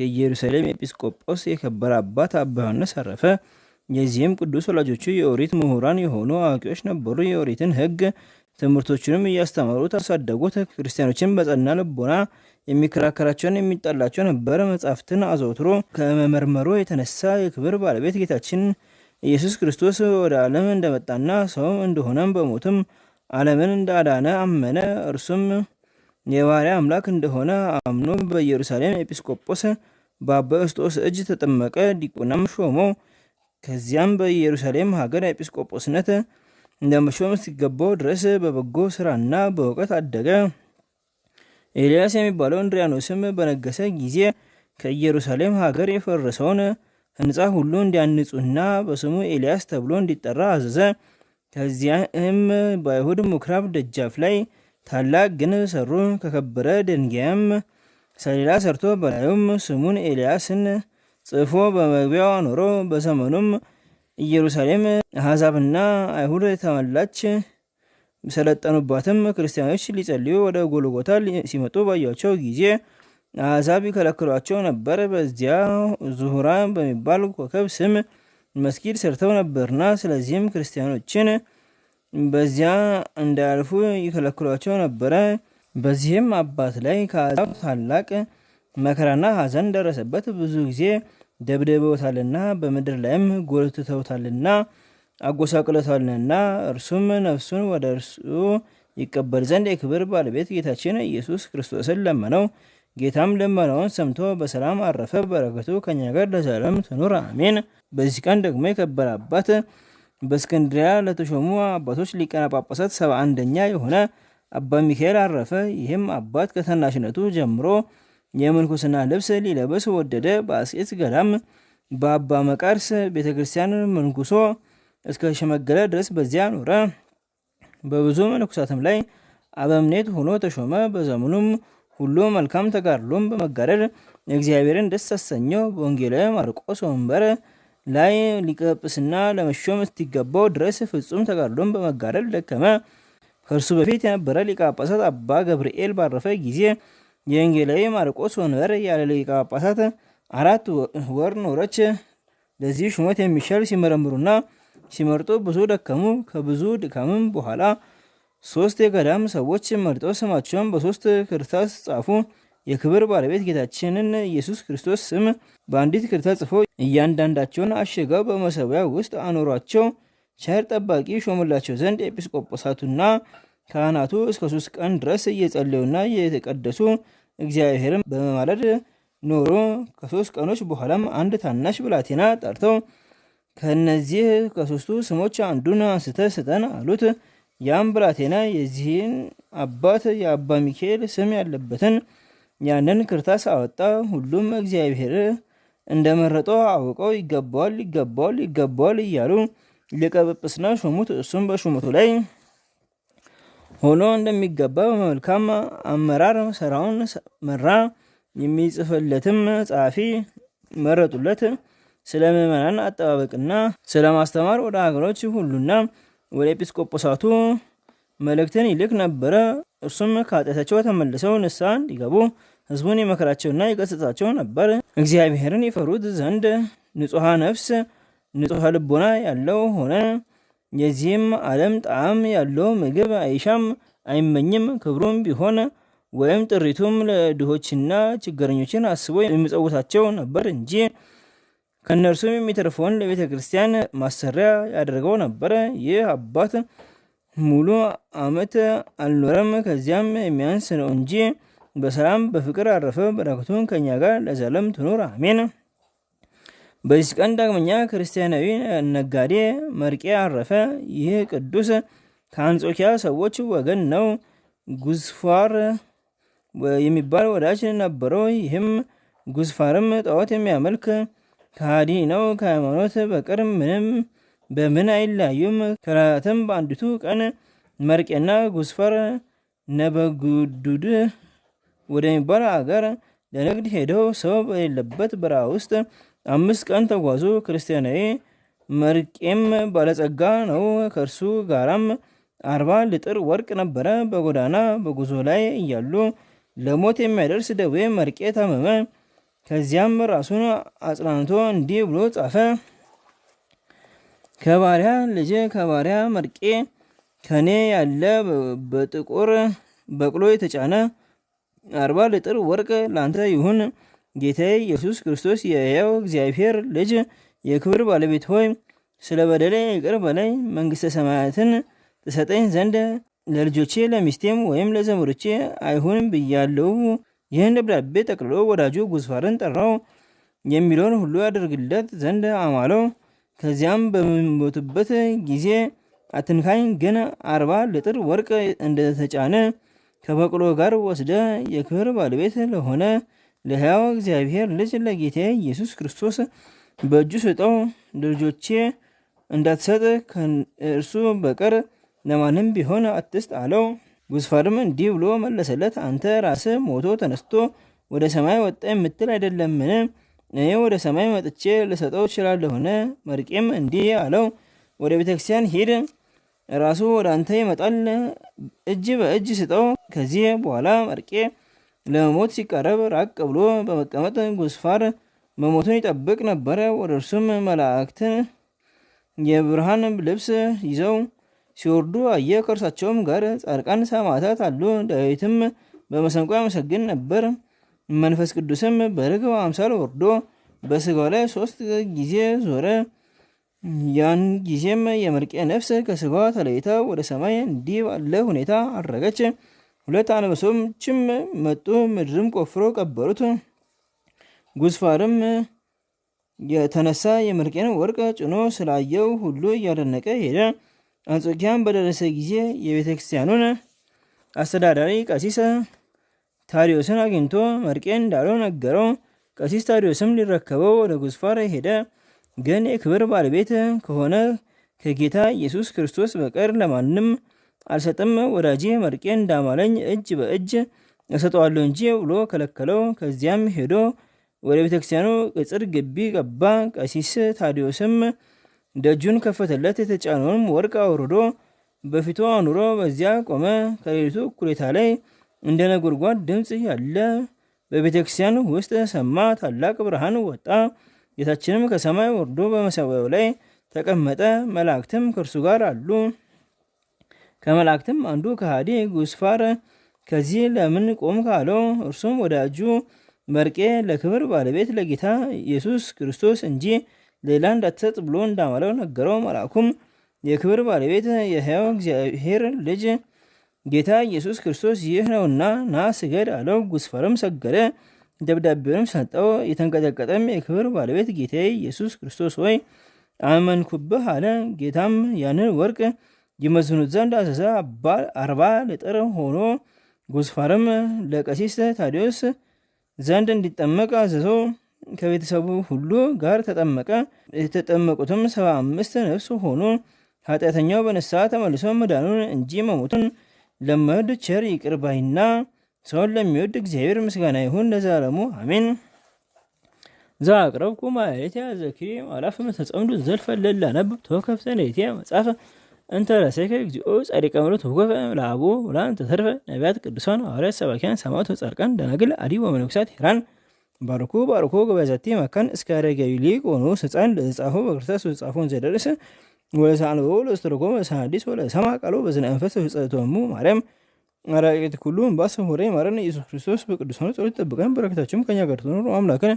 የኢየሩሳሌም ኤጲስቆጶስ የከበረ አባት አባ ዮሐንስ አረፈ። የዚህም ቅዱስ ወላጆቹ የኦሪት ምሁራን የሆኑ አዋቂዎች ነበሩ። የኦሪትን ሕግ ትምህርቶችንም እያስተማሩት ታሳደጉት። ክርስቲያኖችን በጸና ልቦና የሚከራከራቸውን የሚጣላቸው ነበር። መጻሕፍትን አዘውትሮ ከመመርመሩ የተነሳ የክብር ባለቤት ጌታችን ኢየሱስ ክርስቶስ ወደ ዓለም እንደመጣና ሰውም እንደሆነም በሞትም ዓለምን እንዳዳነ አመነ። እርሱም የባሪያ አምላክ እንደሆነ አምኖ በኢየሩሳሌም ኤጲስቆጶስ በአበስጦስ እስጦስ እጅ ተጠመቀ። ዲቁናም ሾሞ። ከዚያም በኢየሩሳሌም ሀገር ኤጲስቆጶስነት እንደመሾም ሲገባው ድረስ በበጎ ስራና በእውቀት አደገ። ኤልያስ የሚባለው እንድሪያኖስም በነገሰ ጊዜ ከኢየሩሳሌም ሀገር የፈረሰውን ሕንፃ ሁሉ እንዲያንጹና በስሙ ኤልያስ ተብሎ እንዲጠራ አዘዘ። ከዚያም በአይሁድ ምኩራብ ደጃፍ ላይ ታላቅ ግንብ ሰሩ። ከከበረ ድንጋይም ሰሌዳ ሰርቶ በላዩም ስሙን ኤልያስን ጽፎ በመግቢያው አኖሮ። በዘመኑም ኢየሩሳሌም አሕዛብና አይሁድ ተመላች ሰለጠኑባትም። ክርስቲያኖች ሊጸልዩ ወደ ጎልጎታ ሲመጡ ባያቸው ጊዜ አሕዛብ ይከለክሏቸው ነበር። በዚያ ዙሁራ በሚባል ኮከብ ስም መስጊድ ሰርተው ነበርና፣ ስለዚህም ክርስቲያኖችን በዚያ እንዳያልፉ ይከለክሏቸው ነበረ። በዚህም አባት ላይ ከአዛብ ታላቅ መከራና ሐዘን ደረሰበት። ብዙ ጊዜ ደብደበውታልና በምድር ላይም ጎልትተውታልና አጎሳቅለታልና እርሱም ነፍሱን ወደ እርሱ ይቀበል ዘንድ የክብር ባለቤት ጌታችን ኢየሱስ ክርስቶስን ለመነው። ጌታም ልመናውን ሰምቶ በሰላም አረፈ። በረከቱ ከኛ ጋር ለዘላለም ትኑር አሜን። በዚህ ቀን ደግሞ የከበረ አባት በእስክንድሪያ ለተሾሙ አባቶች ሊቀነ ጳጳሳት ሰባ አንደኛ የሆነ አባ ሚካኤል አረፈ። ይህም አባት ከታናሽነቱ ጀምሮ የምንኩስና ልብስ ሊለብስ ወደደ። በአስቄት ገዳም በአባ መቃርስ ቤተክርስቲያን ምንኩሶ መንኩሶ እስከ ሸመገለ ድረስ በዚያ ኖረ። በብዙ መነኮሳትም ላይ አበምኔት ሆኖ ተሾመ። በዘመኑም ሁሉ መልካም ተጋድሎም በመጋደል እግዚአብሔርን ደስ አሰኘው። በወንጌላዊ ማርቆስ ወንበር ላይ ሊቀጵስና ለመሾም እስቲገባው ድረስ ፍጹም ተጋድሎን በመጋደል ደከመ። ከእርሱ በፊት የነበረ ሊቀ ጳጳሳት አባ ገብርኤል ባረፈ ጊዜ የወንጌላዊ ማርቆስ ወንበር ያለ ሊቀ ጳጳሳት አራት ወር ኖረች። ለዚህ ሹመት የሚሻል ሲመረምሩና ሲመርጡ ብዙ ደከሙ። ከብዙ ድካምም በኋላ ሶስት የገዳም ሰዎች መርጠው ስማቸውን በሶስት ክርታስ ጻፉ። የክብር ባለቤት ጌታችንን ኢየሱስ ክርስቶስ ስም በአንዲት ክር ተጽፎ እያንዳንዳቸውን አሽገው በመሰቢያ ውስጥ አኖሯቸው። ቸር ጠባቂ ሾምላቸው ዘንድ ኤጲስቆጶሳቱና ካህናቱ እስከ ሶስት ቀን ድረስ እየጸለዩና እየተቀደሱ እግዚአብሔርን በመማለድ ኖሮ ከሶስት ቀኖች በኋላም አንድ ታናሽ ብላቴና ጠርተው ከእነዚህ ከሶስቱ ስሞች አንዱን አንስተ ስጠን አሉት። ያም ብላቴና የዚህን አባት የአባ ሚካኤል ስም ያለበትን ያንን ክርታስ አወጣ። ሁሉም እግዚአብሔር እንደመረጦ አውቀው ይገባዋል ይገባዋል ይገባዋል እያሉ ሊቀ ጵጵስና ሾሙት። እሱም በሹመቱ ላይ ሆኖ እንደሚገባ በመልካም አመራር ስራውን መራ። የሚጽፍለትም ጸሐፊ መረጡለት። ስለ ምእመናን አጠባበቅና ስለ ማስተማር ወደ ሀገሮች ሁሉና ወደ ኤጲስቆጶሳቱ መልእክትን ይልክ ነበረ። እርሱም ከኃጢአታቸው ተመልሰው ንሳ እንዲገቡ ህዝቡን የመከራቸውና የገሰጻቸው ነበር። እግዚአብሔርን ይፈሩት ዘንድ ንጹሐ ነፍስ ንጹሐ ልቦና ያለው ሆነ። የዚህም ዓለም ጣዕም ያለው ምግብ አይሻም አይመኝም። ክብሩም ቢሆን ወይም ጥሪቱም ለድሆችና ችግረኞችን አስቦ የሚጸውታቸው ነበር እንጂ ከእነርሱም የሚተርፈውን ለቤተ ክርስቲያን ማሰሪያ ያደርገው ነበር። ይህ አባት ሙሉ ዓመት አልኖረም። ከዚያም የሚያንስ ነው እንጂ በሰላም በፍቅር አረፈ። በረከቱን ከእኛ ጋር ለዘለም ትኑር አሜን። በዚህ ቀን ዳግመኛ ክርስቲያናዊ ነጋዴ መርቄ አረፈ። ይህ ቅዱስ ከአንጾኪያ ሰዎች ወገን ነው። ጉዝፋር የሚባል ወዳጅ ነበረው። ይህም ጉዝፋርም ጣዖት የሚያመልክ ከሃዲ ነው። ከሃይማኖት በቀር ምንም በምን አይላዩም። ከራትም በአንዲቱ ቀን መርቄና ጉስፈር ነበጉዱድ ወደሚባል አገር ለንግድ ሄደው ሰው በሌለበት በረሃ ውስጥ አምስት ቀን ተጓዙ። ክርስቲያናዊ መርቄም ባለጸጋ ነው። ከእርሱ ጋራም አርባ ልጥር ወርቅ ነበረ። በጎዳና በጉዞ ላይ እያሉ ለሞት የሚያደርስ ደዌ መርቄ ታመመ። ከዚያም ራሱን አጽናንቶ እንዲህ ብሎ ጻፈ። ከባሪያ ልጅ ከባሪያ መርቄ ከኔ ያለ በጥቁር በቅሎ የተጫነ አርባ ልጥር ወርቅ ላንተ ይሁን። ጌታዬ ኢየሱስ ክርስቶስ የሕያው እግዚአብሔር ልጅ የክብር ባለቤት ሆይ ስለ በደሌ ይቅር በላይ መንግሥተ ሰማያትን ትሰጠኝ ዘንድ ለልጆቼ ለሚስቴም ወይም ለዘመዶቼ አይሁን ብያለው። ይህን ደብዳቤ ጠቅልሎ ወዳጁ ጉዝፋርን ጠራው። የሚለውን ሁሉ ያደርግለት ዘንድ አማለው። ከዚያም በምንሞትበት ጊዜ አትንካኝ፣ ግን አርባ ልጥር ወርቅ እንደተጫነ ከበቅሎ ጋር ወስደ የክብር ባለቤት ለሆነ ለሕያው እግዚአብሔር ልጅ ለጌቴ ኢየሱስ ክርስቶስ በእጁ ስጠው። ልጆቼ እንዳትሰጥ ከእርሱ በቀር ለማንም ቢሆን አትስጥ አለው። ጉስፋርም እንዲህ ብሎ መለሰለት፣ አንተ ራስ ሞቶ ተነስቶ ወደ ሰማይ ወጣ የምትል አይደለምን? እኔ ወደ ሰማይ መጥቼ ልሰጠው እችላለሁን? መርቄም እንዲህ አለው፣ ወደ ቤተክርስቲያን ሂድ፣ ራሱ ወደ አንተ ይመጣል፣ እጅ በእጅ ስጠው። ከዚህ በኋላ መርቄ ለመሞት ሲቃረብ ራቅ ብሎ በመቀመጥ ጉስፋር መሞቱን ይጠብቅ ነበረ። ወደ እርሱም መላእክትን የብርሃን ልብስ ይዘው ሲወርዱ አየ። ከእርሳቸውም ጋር ጻድቃን ሰማዕታት አሉ። ዳዊትም በመሰንቆ ያመሰግን ነበር። መንፈስ ቅዱስም በርግብ አምሳል ወርዶ በስጋው ላይ ሶስት ጊዜ ዞረ። ያን ጊዜም የመርቄ ነፍስ ከስጋዋ ተለይታ ወደ ሰማይ እንዲህ ባለ ሁኔታ አረገች። ሁለት ችም መጡ፣ ምድርም ቆፍሮ ቀበሩት። ጉዝፋርም የተነሳ የመርቄን ወርቅ ጭኖ ስላየው ሁሉ እያደነቀ ሄደ። አንጾኪያን በደረሰ ጊዜ የቤተ ክርስቲያኑን አስተዳዳሪ ቀሲስ ታዲዮስን አግኝቶ መርቄን እንዳለው ነገረው። ቀሲስ ታዲዮስም ሊረከበው ወደ ጉስፋራ ሄደ። ግን የክብር ባለቤት ከሆነ ከጌታ ኢየሱስ ክርስቶስ በቀር ለማንም አልሰጥም፣ ወዳጄ መርቄን እንዳማለኝ እጅ በእጅ እሰጠዋለሁ እንጂ ብሎ ከለከለው። ከዚያም ሄዶ ወደ ቤተክርስቲያኑ ቅጽር ግቢ ገባ። ቀሲስ ታዲዮስም ደጁን ከፈተለት። የተጫነውንም ወርቅ አውርዶ በፊቱ አኑሮ በዚያ ቆመ። ከሌሊቱ እኩሌታ ላይ እንደ ነጎድጓድ ድምፅ ያለ በቤተ ክርስቲያን ውስጥ ሰማ ታላቅ ብርሃን ወጣ። ጌታችንም ከሰማይ ወርዶ በመሰዊያው ላይ ተቀመጠ። መላእክትም ከእርሱ ጋር አሉ። ከመላእክትም አንዱ ከሃዲ ጉስፋር ከዚህ ለምን ቆም ካለው፣ እርሱም ወዳጁ መርቄ ለክብር ባለቤት ለጌታ ኢየሱስ ክርስቶስ እንጂ ሌላ እንዳትሰጥ ብሎ እንዳማለው ነገረው። መልአኩም የክብር ባለቤት የሕያው እግዚአብሔር ልጅ ጌታ ኢየሱስ ክርስቶስ ይህ ነውና ና ስገድ አለው። ጉስፈርም ሰገደ። ደብዳቤውንም ሰጠው። የተንቀጠቀጠም የክብር ባለቤት ጌታ ኢየሱስ ክርስቶስ ወይ አመንኩብህ አለ። ጌታም ያንን ወርቅ ይመዝኑት ዘንድ አዘዘ። አርባ ልጥር ሆኖ ጉስፋርም ለቀሲስ ታዲዮስ ዘንድ እንዲጠመቅ አዘዘው። ከቤተሰቡ ሁሉ ጋር ተጠመቀ። የተጠመቁትም ሰባ አምስት ነፍስ ሆኑ። ኃጢአተኛው በነሳ ተመልሶ መዳኑን እንጂ መሞቱን ለማይወድ ቸር ይቅር ባይና ሰውን ለሚወድ እግዚአብሔር ምስጋና ይሁን ለዘላለሙ አሜን። ዘአቅረብኩ ማኅሌትየ ዘኪሬ አላፈ እምተጸምዱ ዘልፈ እለ አነብብ ተወከፍተ ንእትየ መጽሐፈ እንተ ረሰይከ እግዚኦ ጻድቀ ምሕረት ወኮፈ ለአቦ ወለአንተ ተርፈ ነቢያት ቅዱሳን ሐዋርያት ሰባኪያን ሰማዕት ወጻድቃን ደናግል አዲ ወመነኮሳት ሄራን ባርኩ ባርኩ ገበዛቲ መካን እስከ አረጋዊ ሊቅ ሆኖ ስፃን ለጻፎ በክርስቶስ ጻፎን ዘደረሰ ወሳንቦ ለስተርጎመ ወለ ሰማ ቃሎ በዝነ ፍጸቶ ፍጸቶሙ ማርያም አራቂት ኩሉ ባሰ ሆሬ ማረን ኢየሱስ ክርስቶስ በቅዱሳኑ ጸሎት ይጠብቀን። በረከታችሁም ከኛ ጋር ትኖር አምላክን